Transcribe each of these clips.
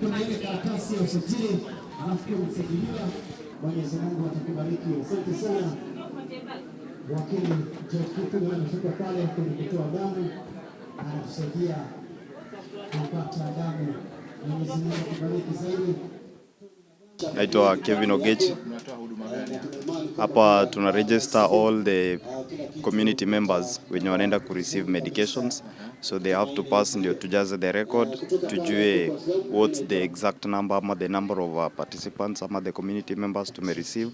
kuna ile karatasi ya usajili, halafu pia Mwenyezi Mungu atakubariki. Asante sana wakili George anafika pale kwenye kutoa damu, anatusaidia kupata damu. Mwenyezi Mungu akubariki zaidi. Naitwa Kevin Ogechi. Hapa tuna register all the community members wenye wanaenda ku receive medications so they have to pass ndio tujaze the record, tujue what's the exact number ama the number of participants ama the community members tume receive,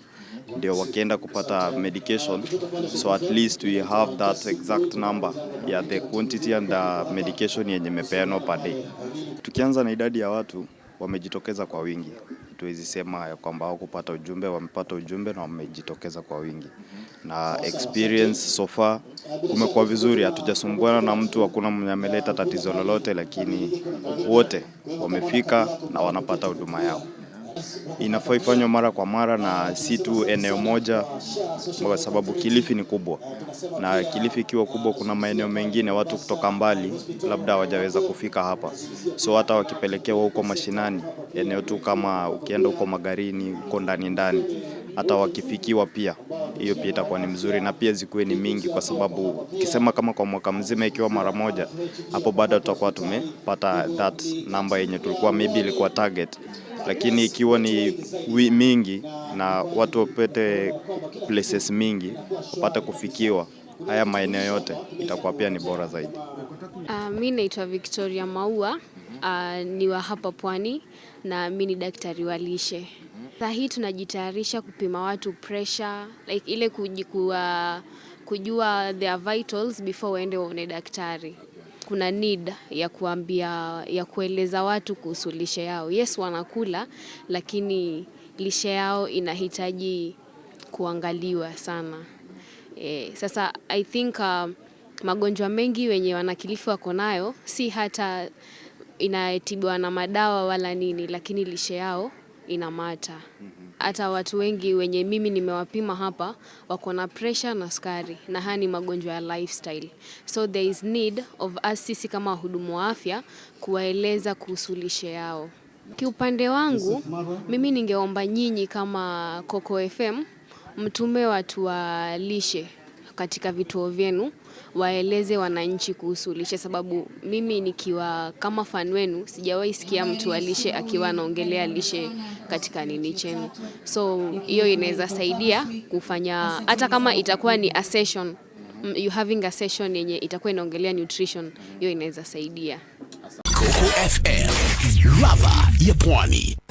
ndio wakienda kupata medication, so at least we have that exact number ya the quantity and the medication yenye mepeano per day. Tukianza na idadi ya watu wamejitokeza kwa wingi hatuwezi sema ya kwamba hawakupata ujumbe, wamepata ujumbe na wamejitokeza kwa wingi, na experience so far kumekuwa vizuri, hatujasumbuana na mtu, hakuna mwenye ameleta tatizo lolote, lakini wote wamefika na wanapata huduma yao inafaa ifanywe mara kwa mara na si tu eneo moja, kwa sababu Kilifi ni kubwa, na Kilifi ikiwa kubwa, kuna maeneo mengine watu kutoka mbali labda hawajaweza kufika hapa, so hata wakipelekewa huko mashinani, eneo tu kama ukienda huko Magarini, huko ndani ndani, hata wakifikiwa pia hiyo pia itakuwa ni mzuri, na pia zikuwe ni mingi, kwa sababu ukisema kama kwa mwaka mzima ikiwa mara moja, hapo bado tutakuwa tumepata that namba yenye tulikuwa maybe ilikuwa target lakini ikiwa ni mingi na watu wapate places mingi wapate kufikiwa haya maeneo yote itakuwa pia ni bora zaidi. Uh, mi naitwa Victoria Maua. Uh, ni wa hapa Pwani na mi ni daktari wa lishe. Saa hii tunajitayarisha kupima watu pressure, like ile kujikua, kujua their vitals before waende waone daktari kuna need ya kuambia ya kueleza watu kuhusu lishe yao. Yes, wanakula lakini lishe yao inahitaji kuangaliwa sana. E, sasa I think uh, magonjwa mengi wenye wanakilifu wako nayo si hata inatibiwa na madawa wala nini, lakini lishe yao inamata. Mm-hmm. Hata watu wengi wenye mimi nimewapima hapa wako na pressure na sukari, na haya ni magonjwa ya lifestyle, so there is need of us sisi kama wahudumu wa afya kuwaeleza kuhusu lishe yao. Kiupande wangu mimi ningeomba nyinyi kama Coco FM mtume watu wa lishe katika vituo vyenu waeleze wananchi kuhusu lishe, sababu mimi nikiwa kama fan wenu sijawahi sikia mtu wa lishe akiwa anaongelea lishe katika nini chenu. So hiyo inaweza saidia kufanya hata kama itakuwa ni a session, mm, you having a session yenye itakuwa inaongelea nutrition, hiyo inaweza saidia. Coco FM, ladha ya Pwani.